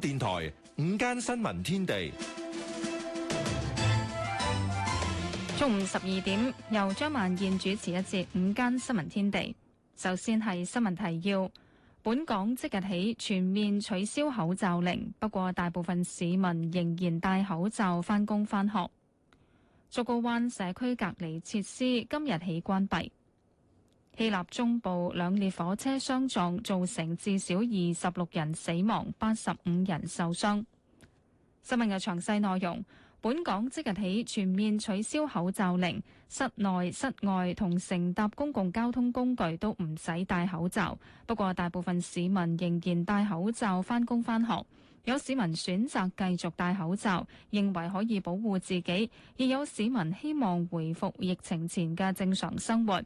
電台午間新聞天地，中午十二點由張曼燕主持一節午間新聞天地。首先係新聞提要，本港即日起全面取消口罩令，不過大部分市民仍然戴口罩返工返學。竹篙灣社區隔離設施今日起關閉。希臘中部兩列火車相撞，造成至少二十六人死亡，八十五人受傷。新聞嘅詳細內容：本港即日起全面取消口罩令，室內、室外同乘搭公共交通工具都唔使戴口罩。不過，大部分市民仍然戴口罩返工返學。有市民選擇繼續戴口罩，認為可以保護自己；亦有市民希望回復疫情前嘅正常生活。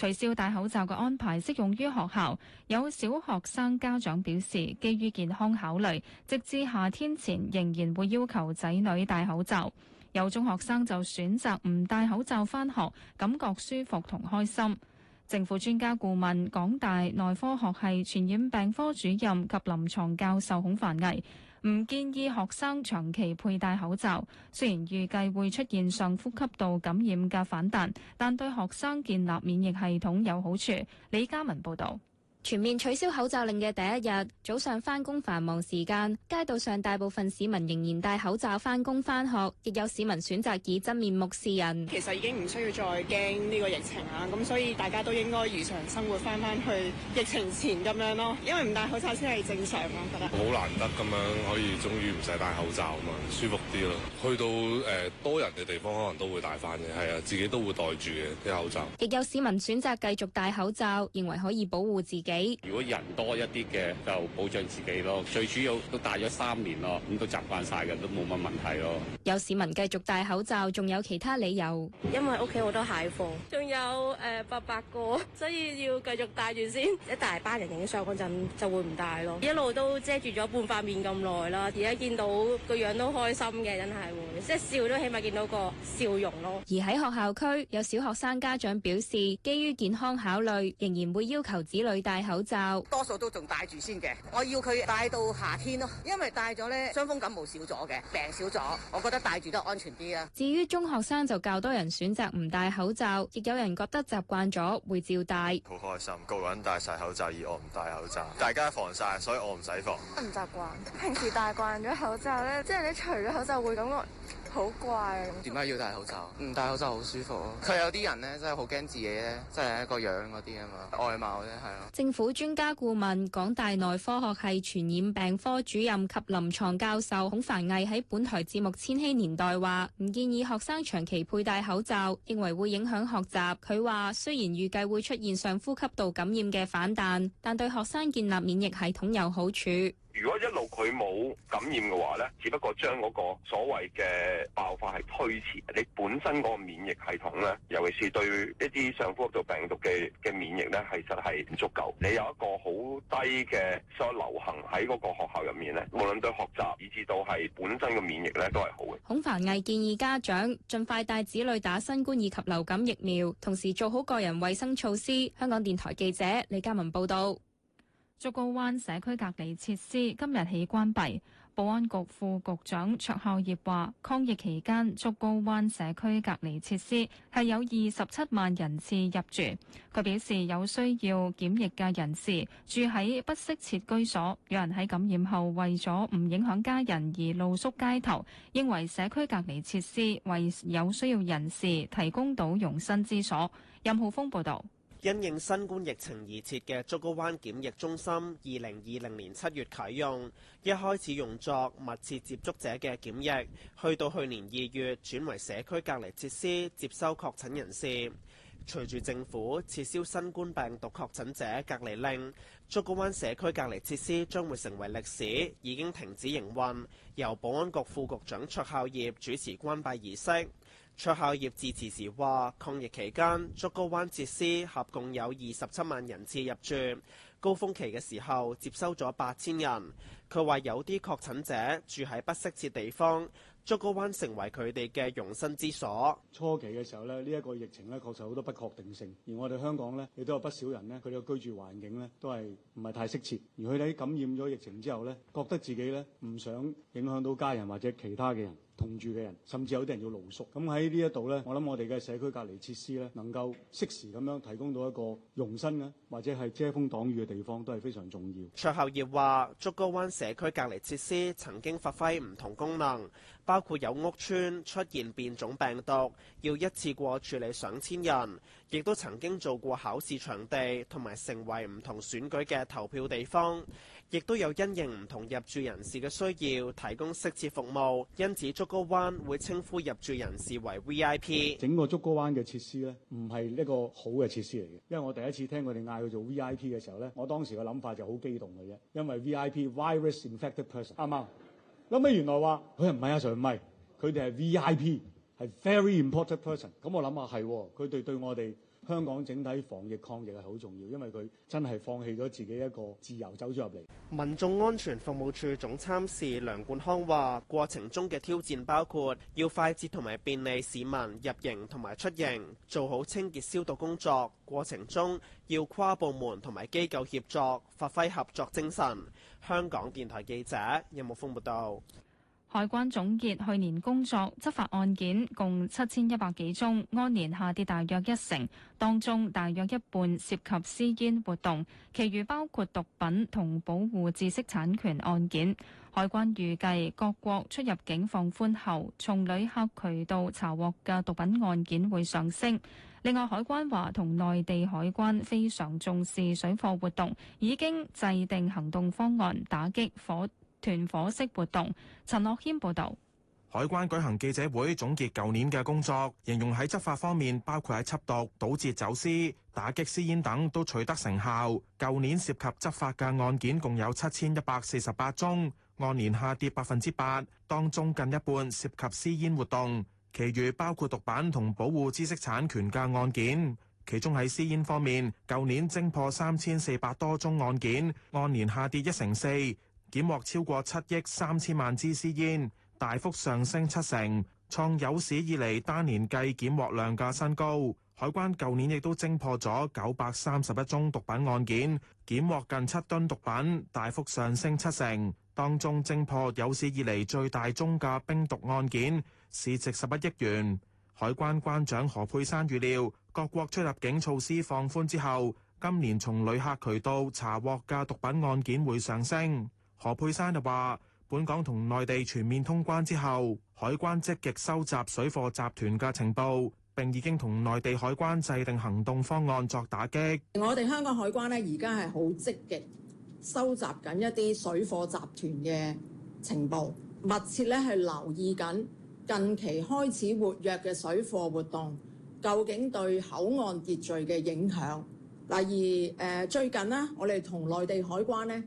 取消戴口罩嘅安排適用於學校，有小學生家長表示，基於健康考慮，直至夏天前仍然會要求仔女戴口罩。有中學生就選擇唔戴口罩返學，感覺舒服同開心。政府專家顧問，港大內科學系傳染病科主任及臨牀教授孔凡毅。唔建議學生長期佩戴口罩。雖然預計會出現上呼吸道感染嘅反彈，但對學生建立免疫系統有好處。李嘉文報導。全面取消口罩令嘅第一日早上，返工繁忙時間，街道上大部分市民仍然戴口罩返工返學，亦有市民選擇以真面目示人。其實已經唔需要再驚呢個疫情啦，咁所以大家都應該如常生活翻翻去疫情前咁樣咯。因為唔戴口罩先係正常，我覺得。好難得咁樣可以終於唔使戴口罩啊嘛，舒服啲咯。去到誒、呃、多人嘅地方，可能都會戴翻嘅，係啊，自己都會戴住嘅啲口罩。亦有市民選擇繼續戴口罩，認為可以保護自己。如果人多一啲嘅就保障自己咯，最主要都戴咗三年咯，咁都習慣晒嘅，都冇乜問題咯。有市民繼續戴口罩，仲有其他理由，因為屋企好多蟹貨，仲有誒八百個，所以要繼續戴住先。一大班人影相 𠮶 陣就就會唔戴咯，一路都遮住咗半塊面咁耐啦，而家見到個樣都開心嘅，真係，會即係笑都起碼見到個笑容咯。而喺學校區，有小學生家長表示，基於健康考慮，仍然會要求子女戴。口罩多數都仲戴住先嘅，我要佢戴到夏天咯，因為戴咗咧，傷風感冒少咗嘅，病少咗，我覺得戴住都安全啲啊。至於中學生就較多人選擇唔戴口罩，亦有人覺得習慣咗會照戴。好開心，個人戴晒口罩，而我唔戴口罩。大家防曬，所以我唔使防。唔習慣，平時戴慣咗口罩咧，即係你除咗口罩會咁。好怪，啊，點解要戴口罩？唔戴口罩好舒服。佢有啲人咧，真係好驚自己咧，即係一個樣嗰啲啊嘛，外貌咧係啊。政府專家顧問、港大內科學系傳染病科主任及臨床教授孔凡毅喺本台節目《千禧年代》話：唔建議學生長期佩戴口罩，認為會影響學習。佢話：雖然預計會出現上呼吸道感染嘅反彈，但對學生建立免疫系統有好處。如果一路佢冇感染嘅話，咧，只不過將嗰個所謂嘅爆發係推遲。你本身嗰個免疫系統咧，尤其是對一啲上呼吸道病毒嘅，嘅免疫咧，其實，係唔足夠。你有一個好低嘅所流行喺嗰個學校入面咧，無論對學習以至到係本身嘅免疫咧，都係好嘅。孔凡毅建議家長盡快帶子女打新冠以及流感疫苗，同時做好個人衛生措施。香港電台記者李嘉文報道。竹篙灣社區隔離設施今日起關閉。保安局副局長卓孝業話：抗疫期間，竹篙灣社區隔離設施係有二十七萬人次入住。佢表示，有需要檢疫嘅人士住喺不適切居所，有人喺感染後為咗唔影響家人而露宿街頭，認為社區隔離設施為有需要人士提供到容身之所。任浩峰報導。因應新冠疫情而設嘅竹篙灣檢疫中心，二零二零年七月啟用，一開始用作密切接觸者嘅檢疫，去到去年二月轉為社區隔離設施，接收確診人士。隨住政府撤銷新冠病毒確診者隔離令，竹篙灣社區隔離設施將會成為歷史，已經停止營運。由保安局副局長卓孝業主持關閉儀式。卓孝業致辭時話：抗疫期間，竹篙灣設施合共有二十七萬人次入住，高峰期嘅時候接收咗八千人。佢話有啲確診者住喺不適切地方，竹篙灣成為佢哋嘅容身之所。初期嘅時候呢，呢、呢、一個疫情呢確實好多不確定性，而我哋香港呢，亦都有不少人呢，佢哋嘅居住環境呢都係唔係太適切，而佢哋感染咗疫情之後呢，覺得自己呢唔想影響到家人或者其他嘅人。同住嘅人，甚至有啲人要露宿。咁喺呢一度咧，我諗我哋嘅社區隔離設施咧，能夠適時咁樣提供到一個容身啊，或者係遮風擋雨嘅地方，都係非常重要。卓孝業話，竹篙灣社區隔離設施曾經發揮唔同功能，包括有屋邨出現變種病毒，要一次過處理上千人，亦都曾經做過考試場地，同埋成為唔同選舉嘅投票地方。亦都有因應唔同入住人士嘅需要，提供適切服務。因此，竹篙灣會稱呼入住人士為 V I P。整個竹篙灣嘅設施咧，唔係一個好嘅設施嚟嘅。因為我第一次聽佢哋嗌佢做 V I P 嘅時候咧，我當時嘅諗法就好激動嘅啫。因為 V I P virus infected person 啱啱？諗起原來話佢唔係阿 Sir 唔係，佢哋係 V I P，係 very important person。咁我諗下係喎，佢哋對，對我哋。香港整體防疫抗疫係好重要，因為佢真係放棄咗自己一個自由走咗入嚟。民眾安全服務處總參事梁冠康話過程中嘅挑戰包括要快捷同埋便利市民入營同埋出營，做好清潔消毒工作。過程中要跨部門同埋機構協作，發揮合作精神。香港電台記者任木風報道。有海關總結去年工作執法案件共七千一百幾宗，按年下跌大約一成，當中大約一半涉及私煙活動，其餘包括毒品同保護知識產權案件。海關預計各國出入境放寬後，從旅客渠道查獲嘅毒品案件會上升。另外，海關話同內地海關非常重視水貨活動，已經制定行動方案，打擊火團夥式活動。陳樂謙報道，海關舉行記者會總結舊年嘅工作，形容喺執法方面，包括喺緝毒、堵截走私、打擊私煙等，都取得成效。舊年涉及執法嘅案件共有七千一百四十八宗，按年下跌百分之八，當中近一半涉及私煙活動，其餘包括毒品同保護知識產權嘅案件。其中喺私煙方面，舊年偵破三千四百多宗案件，按年下跌一成四。檢獲超過七億三千萬支私煙，大幅上升七成，創有史以嚟單年計檢獲量嘅新高。海關舊年亦都偵破咗九百三十一宗毒品案件，檢獲近七噸毒品，大幅上升七成。當中偵破有史以嚟最大宗嘅冰毒案件，市值十一億元。海關關長何佩珊預料，各國出入境措施放寬之後，今年從旅客渠道查獲嘅毒品案件會上升。何佩珊就話：本港同內地全面通關之後，海關積極收集水貨集團嘅情報，並已經同內地海關制定行動方案作打擊。我哋香港海關咧，而家係好積極收集緊一啲水貨集團嘅情報，密切咧係留意緊近期開始活躍嘅水貨活動，究竟對口岸秩序嘅影響。例如誒最近呢，我哋同內地海關咧。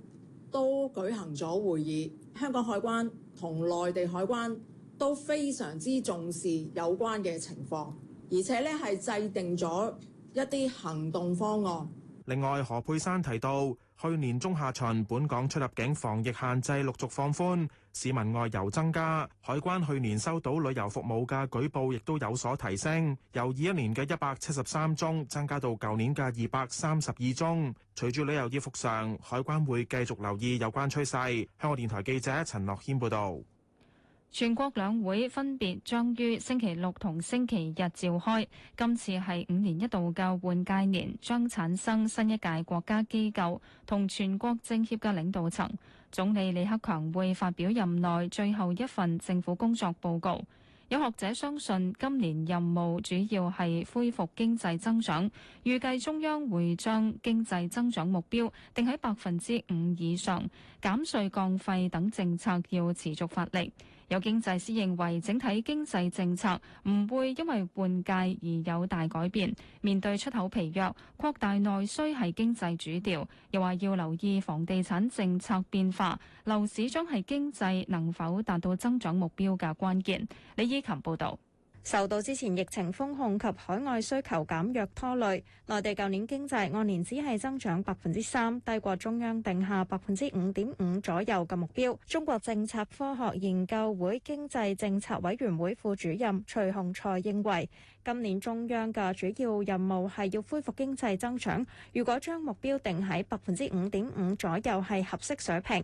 都舉行咗會議，香港海關同內地海關都非常之重視有關嘅情況，而且呢係制定咗一啲行動方案。另外，何佩珊提到，去年中下旬本港出入境防疫限制陸續放寬。市民外遊增加，海關去年收到旅遊服務嘅舉報亦都有所提升，由二一年嘅一百七十三宗增加到舊年嘅二百三十二宗。隨住旅遊業復常，海關會繼續留意有關趨勢。香港電台記者陳樂軒報導。全國兩會分別將於星期六同星期日召開，今次係五年一度嘅換屆年，將產生新一屆國家機構同全國政協嘅領導層。總理李克強會發表任內最後一份政府工作報告，有學者相信今年任務主要係恢復經濟增長，預計中央會將經濟增長目標定喺百分之五以上，減稅降費等政策要持續發力。有經濟師認為，整體經濟政策唔會因為換屆而有大改變。面對出口疲弱，擴大內需係經濟主調。又話要留意房地產政策變化，樓市將係經濟能否達到增長目標嘅關鍵。李依琴報導。受到之前疫情風控及海外需求減弱拖累，內地舊年經濟按年只係增長百分之三，低過中央定下百分之五點五左右嘅目標。中國政策科學研究會經濟政策委員會副主任徐洪才認為，今年中央嘅主要任務係要恢復經濟增長，如果將目標定喺百分之五點五左右係合適水平。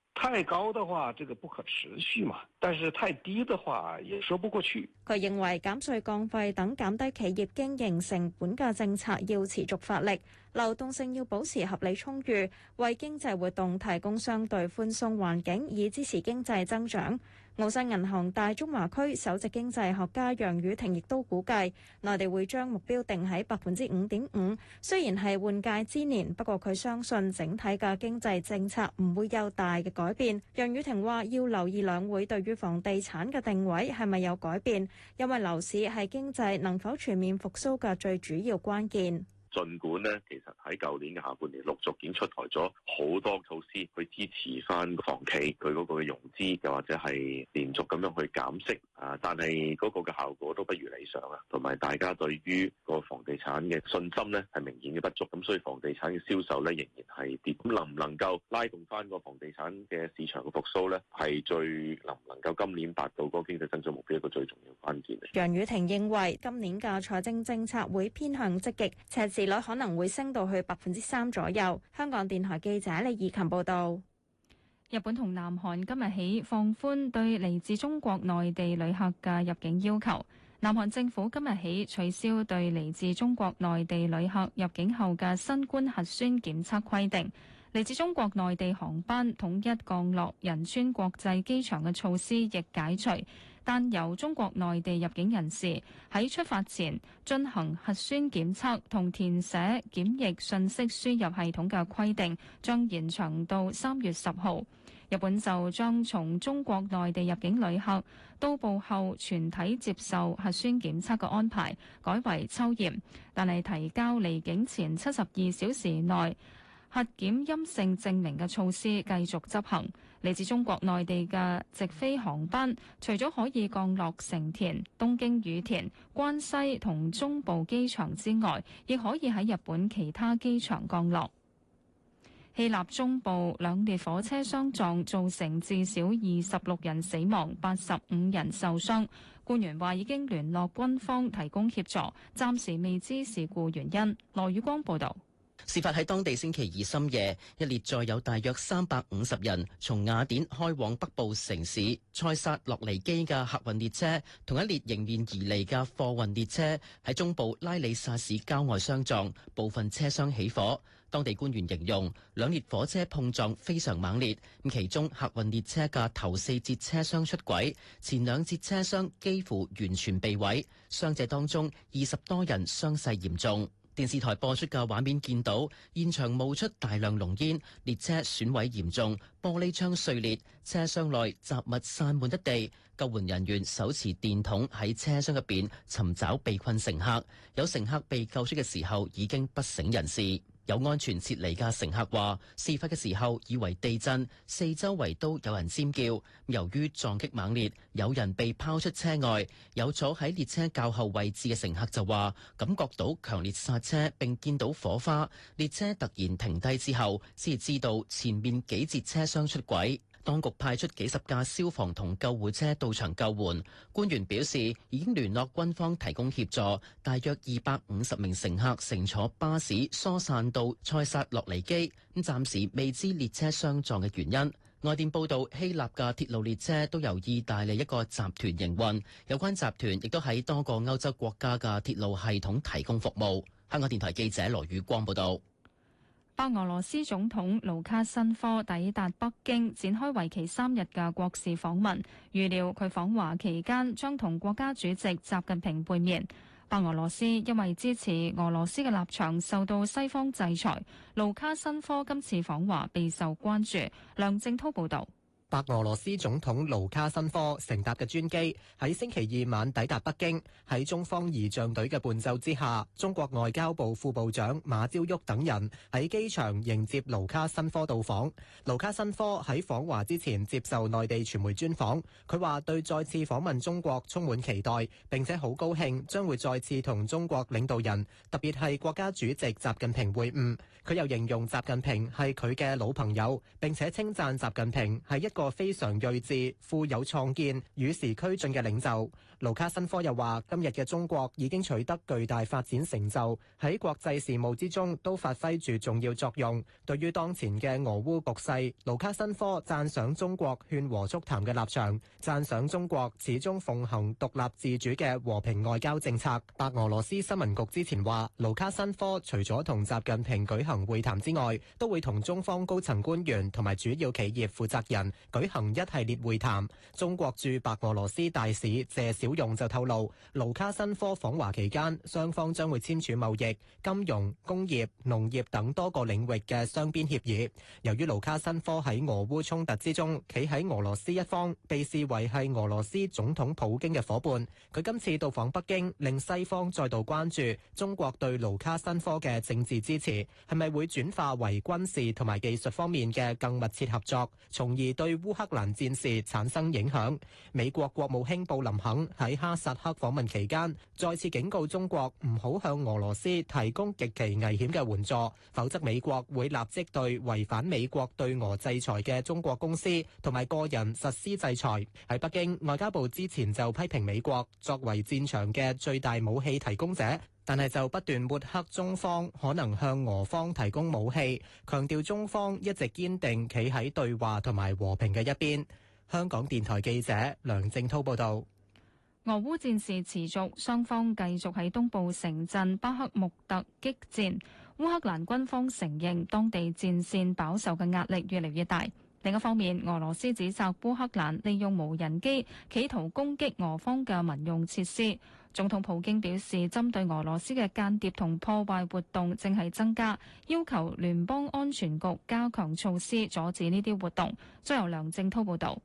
太高的話，這個不可持續嘛；但是太低的話，也說不過去。佢認為減稅降費等減低企業經營成本嘅政策要持續發力，流動性要保持合理充裕，為經濟活動提供相對寬鬆環境，以支持經濟增長。澳新銀行大中華區首席經濟學家楊宇婷亦都估計，內地會將目標定喺百分之五點五。雖然係換屆之年，不過佢相信整體嘅經濟政策唔會有大嘅改變。楊宇婷話：要留意兩會對於房地產嘅定位係咪有改變，因為樓市係經濟能否全面復甦嘅最主要關鍵。儘管咧，其實喺舊年嘅下半年陸續已經出台咗好多措施去支持翻房企佢嗰個嘅融資，又或者係連續咁樣去減息啊，但係嗰個嘅效果都不如理想啊。同埋大家對於個房地產嘅信心咧係明顯嘅不足，咁所以房地產嘅銷售咧仍然係跌。咁能唔能夠拉動翻個房地產嘅市場嘅復甦咧，係最能唔能夠今年達到嗰經濟增長目標一個最重要關鍵。楊雨婷認為今年嘅財政政策會偏向積極，赤字利率可能會升到去百分之三左右。香港電台記者李義勤報道，日本同南韓今日起放寬對嚟自中國內地旅客嘅入境要求。南韓政府今日起取消對嚟自中國內地旅客入境後嘅新冠核酸檢測規定，嚟自中國內地航班統一降落仁川國際機場嘅措施亦解除。但由中國內地入境人士喺出發前進行核酸檢測同填寫檢疫信息輸入系統嘅規定，將延長到三月十號。日本就將從中國內地入境旅客到埗後，全體接受核酸檢測嘅安排，改為抽驗，但係提交離境前七十二小時內核檢陰性證明嘅措施繼續執行。嚟自中國內地嘅直飛航班，除咗可以降落成田、東京羽田、關西同中部機場之外，亦可以喺日本其他機場降落。希臘中部兩列火車相撞，造成至少二十六人死亡、八十五人受傷。官員話已經聯絡軍方提供協助，暫時未知事故原因。羅宇光報導。事發喺當地星期二深夜，一列載有大約三百五十人從雅典開往北部城市塞薩洛尼基嘅客運列車，同一列迎面而嚟嘅貨運列車喺中部拉里薩市郊外相撞，部分車廂起火。當地官員形容兩列火車碰撞非常猛烈，其中客運列車嘅頭四節車廂出軌，前兩節車廂幾乎完全被毀，傷者當中二十多人傷勢嚴重。電視台播出嘅畫面見到，現場冒出大量濃煙，列車損毀嚴重，玻璃窗碎裂，車廂內雜物散滿一地，救援人員手持電筒喺車廂入邊尋找被困乘客，有乘客被救出嘅時候已經不省人事。有安全撤離嘅乘客話，事發嘅時候以為地震，四周圍都有人尖叫。由於撞擊猛烈，有人被拋出車外。有坐喺列車較後位置嘅乘客就話，感覺到強烈剎車，並見到火花。列車突然停低之後，先至知道前面幾節車廂出軌。當局派出幾十架消防同救護車到場救援，官員表示已經聯絡軍方提供協助。大約二百五十名乘客乘坐巴士疏散到塞薩洛尼基，咁暫時未知列車相撞嘅原因。外電報道，希臘嘅鐵路列車都由意大利一個集團營運，有關集團亦都喺多個歐洲國家嘅鐵路系統提供服務。香港電台記者羅宇光報道。白俄羅斯總統盧卡申科抵達北京，展開為期三日嘅國事訪問。預料佢訪華期間將同國家主席習近平會面。白俄羅斯因為支持俄羅斯嘅立場，受到西方制裁。盧卡申科今次訪華備受關注。梁正濤報道。白俄羅斯總統盧卡申科乘搭嘅專機喺星期二晚抵達北京，喺中方儀仗隊嘅伴奏之下，中國外交部副部長馬朝旭等人喺機場迎接盧卡申科到訪。盧卡申科喺訪華之前接受內地傳媒專訪，佢話對再次訪問中國充滿期待，並且好高興將會再次同中國領導人，特別係國家主席習近平會晤。佢又形容習近平係佢嘅老朋友，並且稱讚習近平係一個個非常睿智、富有創建、與時俱進嘅領袖。盧卡申科又話：今日嘅中國已經取得巨大發展成就，喺國際事務之中都發揮住重要作用。對於當前嘅俄烏局勢，盧卡申科讚賞中國勸和促談嘅立場，讚賞中國始終奉行獨立自主嘅和平外交政策。白俄羅斯新聞局之前話：盧卡申科除咗同習近平舉行會談之外，都會同中方高層官員同埋主要企業負責人。舉行一系列會談，中國駐白俄羅斯大使謝小勇就透露，盧卡申科訪華期間，雙方將會簽署貿易、金融、工業、農業等多個領域嘅雙邊協議。由於盧卡申科喺俄烏衝突之中企喺俄羅斯一方，被視為係俄羅斯總統普京嘅夥伴，佢今次到訪北京，令西方再度關注中國對盧卡申科嘅政治支持係咪會轉化為軍事同埋技術方面嘅更密切合作，從而對。烏克蘭戰事產生影響，美國國務卿布林肯喺哈薩克訪問期間，再次警告中國唔好向俄羅斯提供極其危險嘅援助，否則美國會立即對違反美國對俄制裁嘅中國公司同埋個人實施制裁。喺北京，外交部之前就批評美國作為戰場嘅最大武器提供者，但係就不斷抹黑中方，可能向俄方提供武器，強調中方一直堅定企喺對話同埋和平嘅一邊。香港電台記者梁正滔報導。俄烏戰事持續，雙方繼續喺東部城鎮巴克穆特激戰。烏克蘭軍方承認當地戰線飽受嘅壓力越嚟越大。另一方面，俄羅斯指責烏克蘭利用無人機，企圖攻擊俄方嘅民用設施。總統普京表示，針對俄羅斯嘅間諜同破壞活動正係增加，要求聯邦安全局加強措施，阻止呢啲活動。將由梁正濤報導。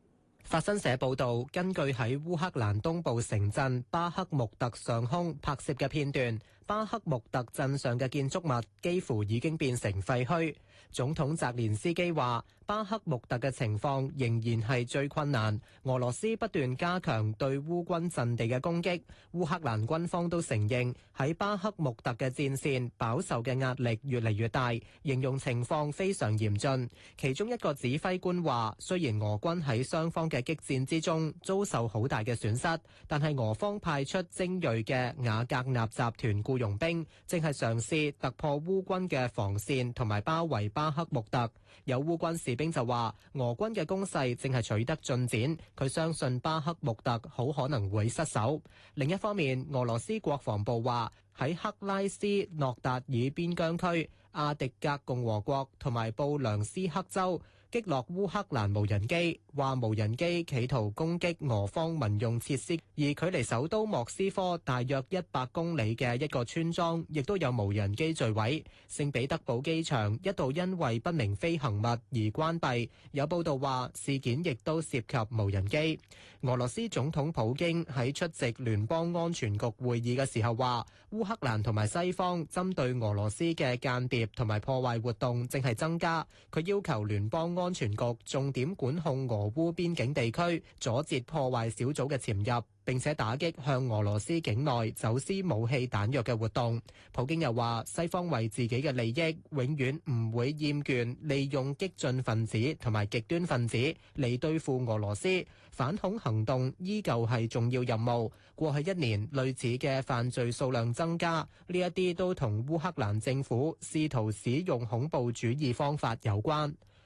法新社報導，根據喺烏克蘭東部城鎮巴克穆特上空拍攝嘅片段，巴克穆特鎮上嘅建築物幾乎已經變成廢墟。總統澤連斯基話：巴克穆特嘅情況仍然係最困難。俄羅斯不斷加強對烏軍陣地嘅攻擊。烏克蘭軍方都承認喺巴克穆特嘅戰線飽受嘅壓力越嚟越大，形容情況非常嚴峻。其中一個指揮官話：雖然俄軍喺雙方嘅激戰之中遭受好大嘅損失，但係俄方派出精銳嘅瓦格納集團僱傭兵，正係嘗試突破烏軍嘅防綫同埋包圍。巴克穆特有烏軍士兵就話，俄軍嘅攻勢正係取得進展，佢相信巴克穆特好可能會失守。另一方面，俄羅斯國防部話喺克拉斯諾達爾邊疆區阿迪格共和國同埋布良斯克州，擊落烏克蘭無人機，話無人機企圖攻擊俄方民用設施，而距離首都莫斯科大約一百公里嘅一個村莊，亦都有無人機墜毀。聖彼得堡機場一度因為不明飛行物而關閉，有報道話事件亦都涉及無人機。俄羅斯總統普京喺出席聯邦安全局會議嘅時候話，烏克蘭同埋西方針對俄羅斯嘅間諜同埋破壞活動正係增加。佢要求聯邦安。安全局重點管控俄烏邊境地區，阻截破壞小組嘅潛入，並且打擊向俄羅斯境內走私武器彈藥嘅活動。普京又話：西方為自己嘅利益，永遠唔會厭倦利用激進分子同埋極端分子嚟對付俄羅斯。反恐行動依舊係重要任務。過去一年類似嘅犯罪數量增加，呢一啲都同烏克蘭政府試圖使用恐怖主義方法有關。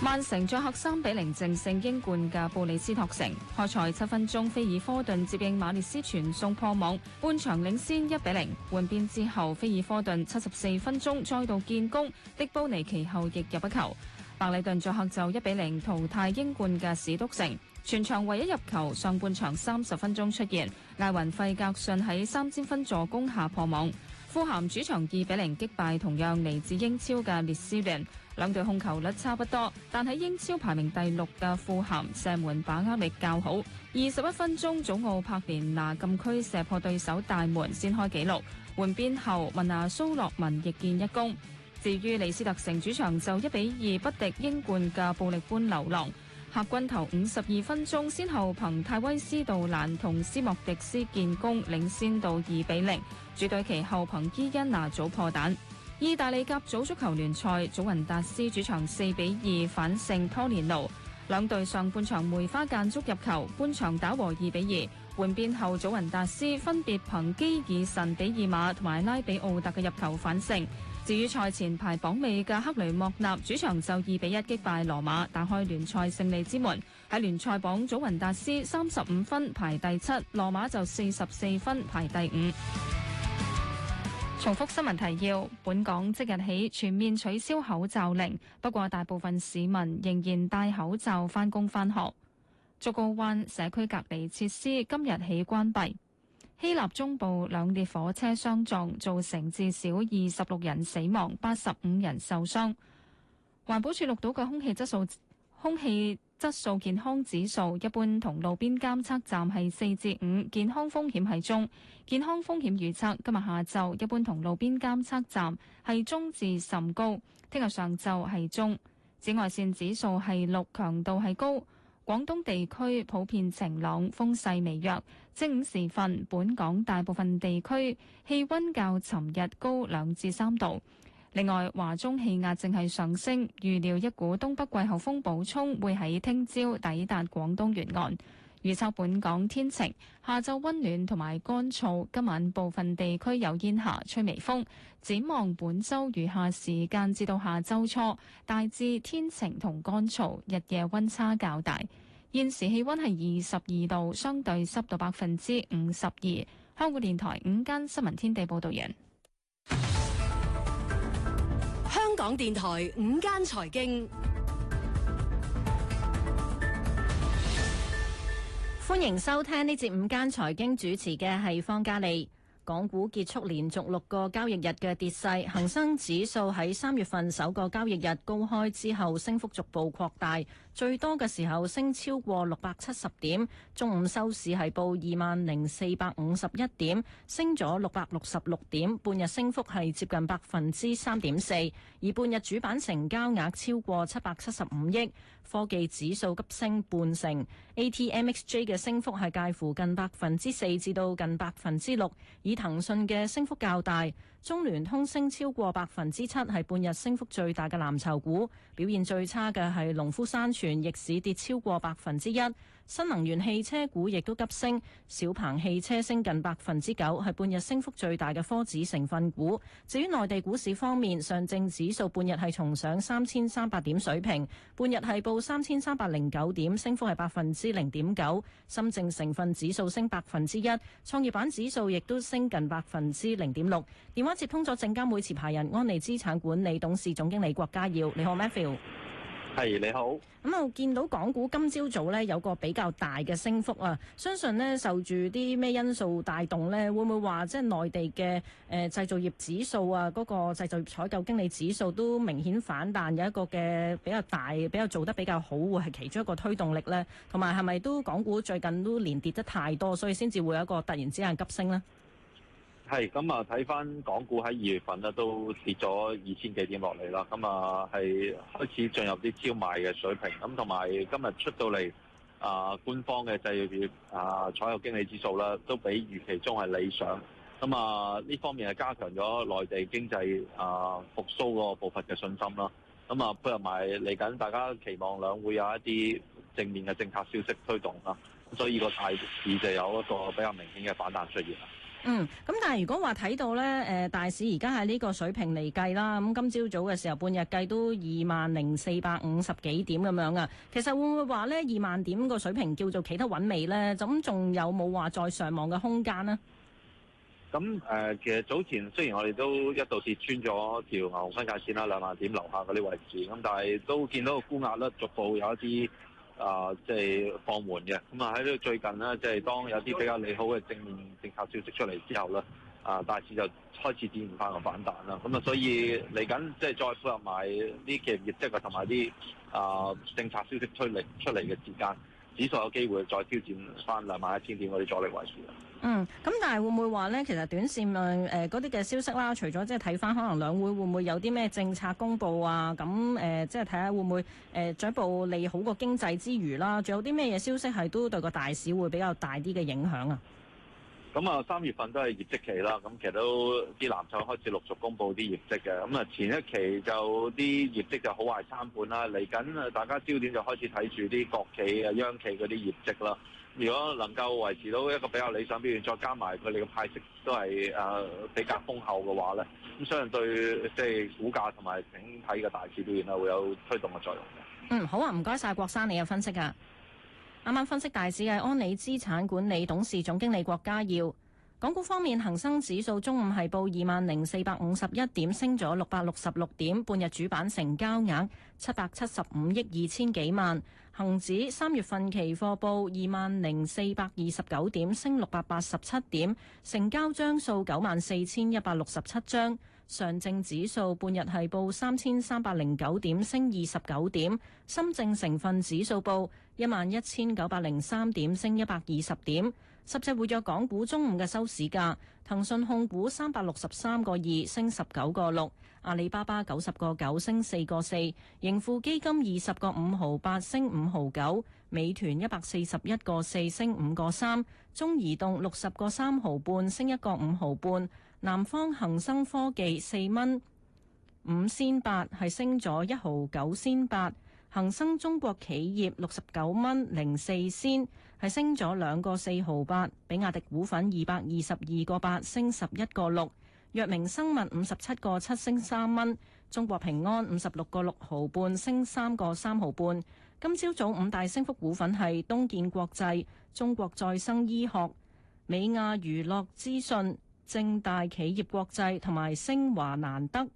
曼城作客三比零淨勝英冠嘅布里斯托城，開賽七分鐘菲爾科頓接應馬列斯傳送破網，半場領先一比零。換邊之後，菲爾科頓七十四分鐘再度建功，迪布尼其後亦入一球。白里頓作客就一比零淘汰英冠嘅史篤城，全場唯一入球，上半場三十分鐘出現，艾雲費格遜喺三尖分助攻下破網。富咸主場二比零擊敗同樣嚟自英超嘅列斯聯，兩隊控球率差不多，但喺英超排名第六嘅富咸射門把握力較好。二十一分鐘，祖奧柏連拿禁區射破對手大門先開紀錄。換邊後，文拿蘇洛文亦建一功。至於利斯特城主場就一比二不敵英冠嘅布力般流浪。客軍頭五十二分鐘，先後憑泰威斯杜蘭同斯莫迪斯建功，領先到二比零。主隊其後憑伊恩拿祖破蛋。意大利甲組足球聯賽，祖雲達斯主場四比二反勝拖連奴。兩隊上半場梅花間竹入球，半場打和二比二。換邊後，祖雲達斯分別憑基爾神比爾馬同埋拉比奧特嘅入球反勝。至於賽前排榜尾嘅克雷莫納，主場就二比一擊敗羅馬，打開聯賽勝利之門。喺聯賽榜，祖雲達斯三十五分排第七，羅馬就四十四分排第五。重複新聞提要：本港即日起全面取消口罩令，不過大部分市民仍然戴口罩返工返學。竹篙灣社區隔離設施，今日起關閉。希臘中部兩列火車相撞，造成至少二十六人死亡、八十五人受傷。環保署錄到嘅空氣質素、空氣質素健康指數一般同路邊監測站係四至五，健康風險係中。健康風險預測今日下晝一般同路邊監測站係中至甚高，聽日上晝係中。紫外線指數係六，強度係高。廣東地區普遍晴朗，風勢微弱。正午時分，本港大部分地區氣溫較尋日高兩至三度。另外，華中氣壓正係上升，預料一股東北季候風補充會喺聽朝抵達廣東沿岸。預測本港天晴，下晝溫暖同埋乾燥，今晚部分地區有煙霞，吹微風。展望本周餘下時間至到下周初，大致天晴同乾燥，日夜溫差較大。現時氣溫係二十二度，相對濕度百分之五十二。香港電台午間新聞天地報道員，香港電台午間財經。歡迎收聽呢節午間財經，主持嘅係方嘉利。港股結束連續六個交易日嘅跌勢，恒生指數喺三月份首個交易日高開之後，升幅逐步擴大。最多嘅時候升超過六百七十點，中午收市係報二萬零四百五十一點，升咗六百六十六點，半日升幅係接近百分之三點四，而半日主板成交額超過七百七十五億，科技指數急升半成，ATMXJ 嘅升幅係介乎近百分之四至到近百分之六，以騰訊嘅升幅較大。中聯通升超過百分之七，係半日升幅最大嘅藍籌股。表現最差嘅係農夫山泉，逆市跌超過百分之一。新能源汽車股亦都急升，小鵬汽車升近百分之九，係半日升幅最大嘅科指成分股。至於內地股市方面，上證指數半日係重上三千三百點水平，半日係報三千三百零九點，升幅係百分之零點九。深證成分指數升百分之一，創業板指數亦都升近百分之零點六。電話接通咗證監會持牌人安利資產管理董事總經理郭家耀，你好 Matthew。係、hey, 你好，咁啊、嗯、見到港股今朝早咧有個比較大嘅升幅啊，相信咧受住啲咩因素帶動咧，會唔會話即係內地嘅誒製造業指數啊，嗰、那個製造業採購經理指數都明顯反彈，有一個嘅比較大比較做得比較好，會係其中一個推動力咧，同埋係咪都港股最近都連跌得太多，所以先至會有一個突然之間急升咧？係，咁啊，睇翻港股喺二月份咧都跌咗二千幾點落嚟啦，咁啊係開始進入啲超賣嘅水平。咁同埋今日出到嚟啊，官方嘅製造業啊採購經理指數啦，都比預期中係理想。咁啊呢方面係加強咗內地經濟啊、呃、復甦個步伐嘅信心啦。咁啊配合埋嚟緊，大家期望兩會有一啲正面嘅政策消息推動啦。所以個大市就有一個比較明顯嘅反彈出現啦。嗯，咁但係如果話睇到咧，誒、呃，大市而家喺呢個水平嚟計啦，咁、嗯、今朝早嘅時候半日計都二萬零四百五十幾點咁樣啊，其實會唔會話咧二萬點個水平叫做企得穩未咧？咁仲有冇話再上望嘅空間呢？咁誒、嗯呃，其實早前雖然我哋都一度跌穿咗條牛熊分界線啦，兩萬點樓下嗰啲位置，咁、嗯、但係都見到個沽壓咧逐步有一啲。啊，即係、呃就是、放緩嘅，咁啊喺呢個最近呢，即、就、係、是、當有啲比較利好嘅正面政策消息出嚟之後咧，啊、呃、大市就開始展現返個反彈啦。咁、嗯、啊，所以嚟緊即係再配合埋啲企業業績同埋啲啊政策消息推力出嚟嘅時間。指數有機會再挑戰翻兩萬一千點，嗰啲阻力位置。啊。嗯，咁但係會唔會話咧？其實短線咪誒嗰啲嘅消息啦，除咗即係睇翻可能兩會會唔會有啲咩政策公布啊？咁誒，即係睇下會唔會誒進一步利好個經濟之餘啦，仲有啲咩嘢消息係都對個大市會比較大啲嘅影響啊？咁啊，三月份都係業績期啦，咁其實都啲藍籌開始陸續公佈啲業績嘅。咁啊，前一期就啲業績就好壞參半啦。嚟緊啊，大家焦點就開始睇住啲國企啊、央企嗰啲業績啦。如果能夠維持到一個比較理想表現，再加埋佢哋嘅派息都係啊、呃、比較豐厚嘅話咧，咁相信對即係股價同埋整體嘅大市表現啊，會有推動嘅作用嘅。嗯，好啊，唔該晒國生你嘅分析啊。啱啱分析大市嘅安理資產管理董事總經理郭家耀。港股方面，恒生指數中午係報二萬零四百五十一點，升咗六百六十六點，半日主板成交額七百七十五億二千幾萬。恒指三月份期貨報二萬零四百二十九點，升六百八十七點，成交張數九萬四千一百六十七張。上證指數半日係報三千三百零九點，升二十九點。深證成分指數報一萬一千九百零三點，升一百二十點。十隻活躍港股中午嘅收市價：騰訊控股三百六十三個二，升十九個六；阿里巴巴九十個九，升四個四；盈富基金二十個五毫八，升五毫九；美團一百四十一個四，升五個三；中移動六十個三毫半，升一個五毫半。南方恒生科技四蚊五仙八，係升咗一毫九仙八。恒生中國企業六十九蚊零四仙，係升咗兩個四毫八。比亞迪股份二百二十二個八，升十一個六。藥明生物五十七個七，升三蚊。中國平安五十六個六毫半，升三個三毫半。今朝早五大升幅股份係東建國際、中國再生醫學、美亞娛樂資訊。正大企業國際同埋升華難得。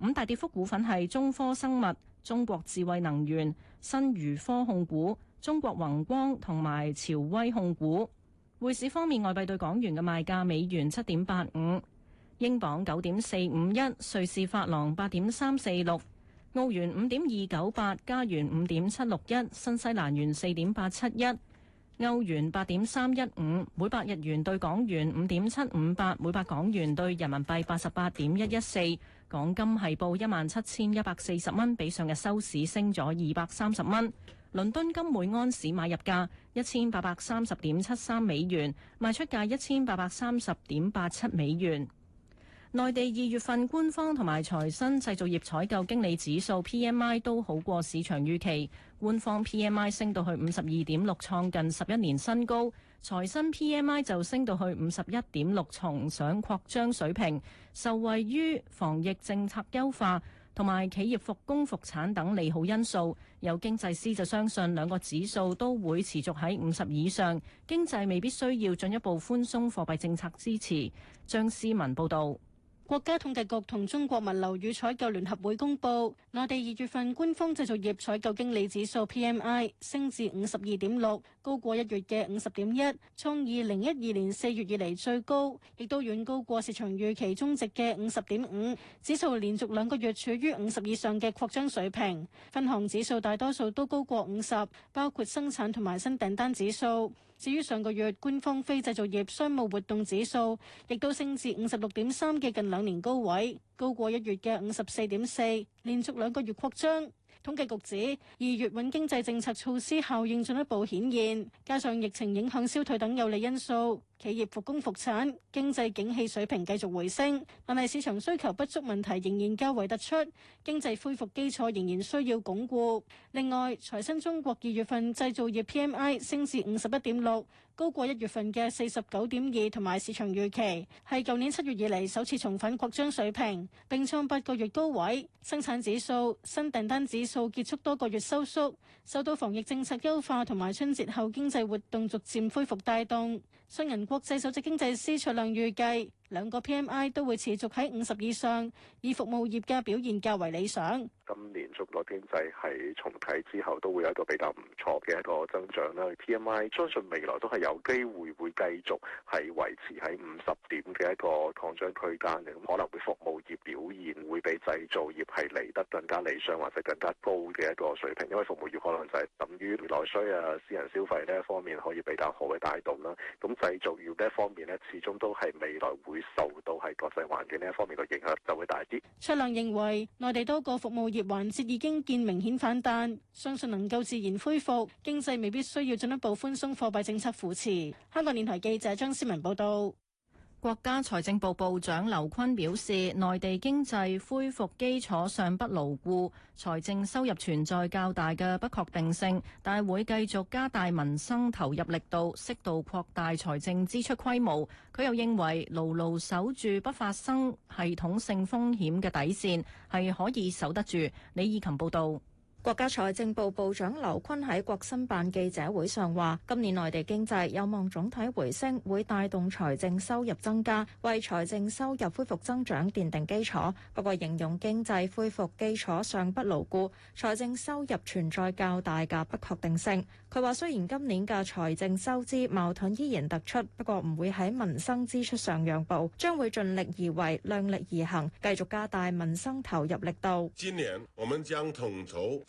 五大跌幅股份係中科生物、中國智慧能源、新余科控股、中國宏光同埋潮威控股。匯市方面，外幣對港元嘅賣價：美元七點八五，英鎊九點四五一，瑞士法郎八點三四六，澳元五點二九八，加元五點七六一，新西蘭元四點八七一。歐元八點三一五，每百日元對港元五點七五八，每百港元對人民幣八十八點一一四。港金係報一萬七千一百四十蚊，比上日收市升咗二百三十蚊。倫敦金每安士買入價一千八百三十點七三美元，賣出價一千八百三十點八七美元。內地二月份官方同埋財新製造業採購經理指數 P.M.I 都好過市場預期，官方 P.M.I 升到去五十二點六，創近十一年新高；財新 P.M.I 就升到去五十一點六，重上擴張水平。受惠於防疫政策優化同埋企業復工復產等利好因素，有經濟師就相信兩個指數都會持續喺五十以上，經濟未必需要進一步寬鬆貨幣政策支持。張思文報導。國家統計局同中國物流與採購聯合會公布，內地二月份官方製造業採購經理指數 PMI 升至五十二點六，高過一月嘅五十點一，創二零一二年四月以嚟最高，亦都遠高過市場預期中值嘅五十點五，指數連續兩個月處於五十以上嘅擴張水平，分項指數大多數都高過五十，包括生產同埋新訂單指數。至於上個月官方非製造業商務活動指數，亦都升至五十六點三嘅近兩年高位，高過一月嘅五十四點四，連續兩個月擴張。統計局指，二月穩經濟政策措施效應進一步顯現，加上疫情影響消退等有利因素，企業復工復產，經濟景氣水平繼續回升，但係市場需求不足問題仍然較為突出，經濟恢復基礎仍然需要鞏固。另外，財新中國二月份製造業 PMI 升至五十一點六。高過一月份嘅四十九點二同埋市場預期，係舊年七月以嚟首次重返擴張水平，並創八個月高位。生產指數、新訂單指數結束多個月收縮，受到防疫政策優化同埋春節後經濟活動逐漸恢復帶動。信銀國際首席經濟師卓亮預計兩個 P.M.I 都會持續喺五十以上，以服務業嘅表現較為理想。今年中國經濟喺重啟之後都會有一個比較唔錯嘅一個增長啦。P.M.I 相信未來都係有機會會繼續係維持喺五十點嘅一個擴張區間嘅，可能會服務業表現會比製造業係嚟得更加理想或者更加高嘅一個水平，因為服務業可能就係等於內需啊、私人消費呢一方面可以比較好嘅帶動啦。咁製造業呢一方面咧，始終都係未來會受到係國際環境呢一方面嘅影響就會大啲。卓亮認為，內地多個服務業環節已經見明顯反彈，相信能夠自然恢復，經濟未必需要進一步寬鬆貨幣政策扶持。香港電台記者張思文報道。國家財政部部長劉昆表示，內地經濟恢復基礎尚不牢固，財政收入存在較大嘅不確定性，但係會繼續加大民生投入力度，適度擴大財政支出規模。佢又認為，牢牢守住不發生系統性風險嘅底線，係可以守得住。李以琴報道。國家財政部部長劉昆喺國新辦記者會上話：今年內地經濟有望總體回升，會帶動財政收入增加，為財政收入恢復增長奠定基礎。不過，形容經濟恢復基礎尚不牢固，財政收入存在較大嘅不確定性。佢話：雖然今年嘅財政收支矛盾依然突出，不過唔會喺民生支出上讓步，將會盡力而為、量力而行，繼續加大民生投入力度。今年，我們將統籌，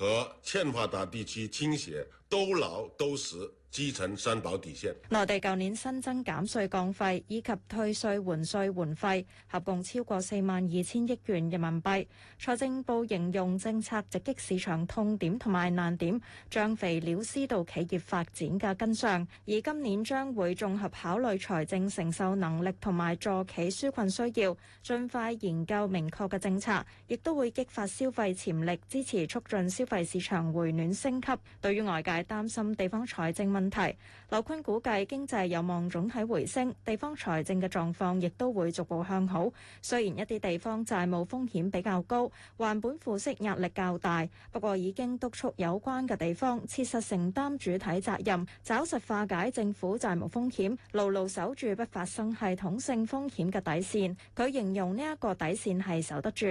和欠發達地區傾斜，兜牢兜實基層三保底線。內地舊年新增減稅降費以及退稅緩稅緩費，合共超過四萬二千億元人民幣。財政部形容政策直擊市場痛點同埋難點，將肥料施到企業發展嘅根上。而今年將會綜合考慮財政承受能力同埋助企紓困需要，盡快研究明確嘅政策，亦都會激發消費潛力，支持促進消費市場回暖升級。對於外界擔心地方財政問題，劉昆估計經濟有望總體回升，地方財政嘅狀況亦都會逐步向好。雖然一啲地方債務風險比較高，還本付息壓力較大，不過已經督促有關嘅地方切實承擔主體責任，紮實化解政府債務風險，牢牢守住不發生系統性風險嘅底線。佢形容呢一個底線係守得住。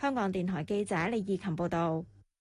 香港電台記者李義琴報道。